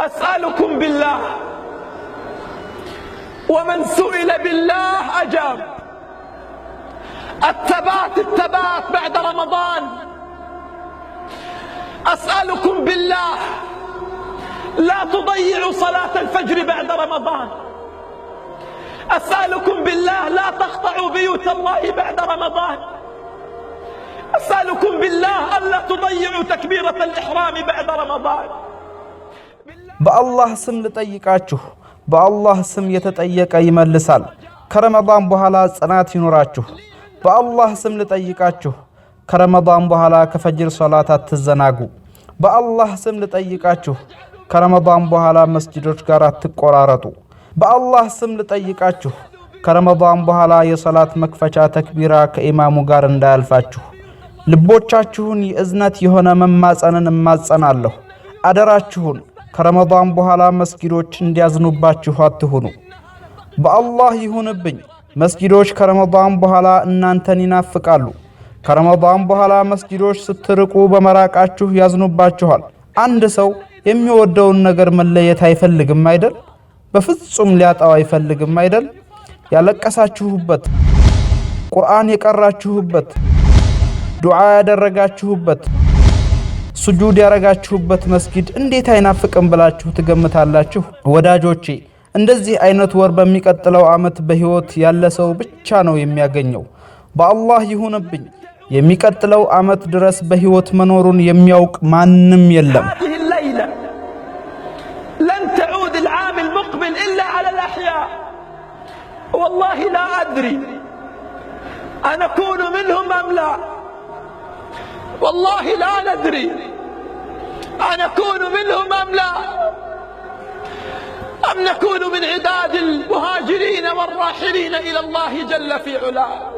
أسألكم بالله ومن سئل بالله أجاب الثبات الثبات بعد رمضان أسألكم بالله لا تضيعوا صلاة الفجر بعد رمضان أسألكم بالله لا تقطعوا بيوت الله بعد رمضان أسألكم بالله ألا تضيعوا تكبيرة الإحرام بعد በአላህ ስም ልጠይቃችሁ፣ በአላህ ስም የተጠየቀ ይመልሳል። ከረመዳን በኋላ ጽናት ይኖራችሁ። በአላህ ስም ልጠይቃችሁ፣ ከረመዳን በኋላ ከፈጅር ሶላት አትዘናጉ። በአላህ ስም ልጠይቃችሁ፣ ከረመዳን በኋላ መስጅዶች ጋር አትቆራረጡ። በአላህ ስም ልጠይቃችሁ፣ ከረመዳን በኋላ የሶላት መክፈቻ ተክቢራ ከኢማሙ ጋር እንዳያልፋችሁ። ልቦቻችሁን የእዝነት የሆነ መማጸንን እማጸናለሁ። አደራችሁን ከረመዳን በኋላ መስጊዶች እንዲያዝኑባችሁ አትሁኑ። በአላህ ይሁንብኝ መስጊዶች ከረመዳን በኋላ እናንተን ይናፍቃሉ። ከረመዳን በኋላ መስጊዶች ስትርቁ በመራቃችሁ ያዝኑባችኋል። አንድ ሰው የሚወደውን ነገር መለየት አይፈልግም አይደል? በፍጹም ሊያጣው አይፈልግም አይደል? ያለቀሳችሁበት፣ ቁርአን የቀራችሁበት፣ ዱዓ ያደረጋችሁበት ሱጁድ ያረጋችሁበት መስጊድ እንዴት አይናፍቅም ብላችሁ ትገምታላችሁ? ወዳጆቼ እንደዚህ አይነት ወር በሚቀጥለው ዓመት በሕይወት ያለ ሰው ብቻ ነው የሚያገኘው። በአላህ ይሁንብኝ የሚቀጥለው ዓመት ድረስ በሕይወት መኖሩን የሚያውቅ ማንም የለም። ለን ተዑድ ልዓም ልሙቅብል ኢላ ዐላ ልአሕያ ወላሂ ላ አድሪ አነኩኑ ምንሁም አምላ والله لا ندري أنكون منهم أم لا أم نكون من عباد المهاجرين والراحلين إلى الله جل في علاه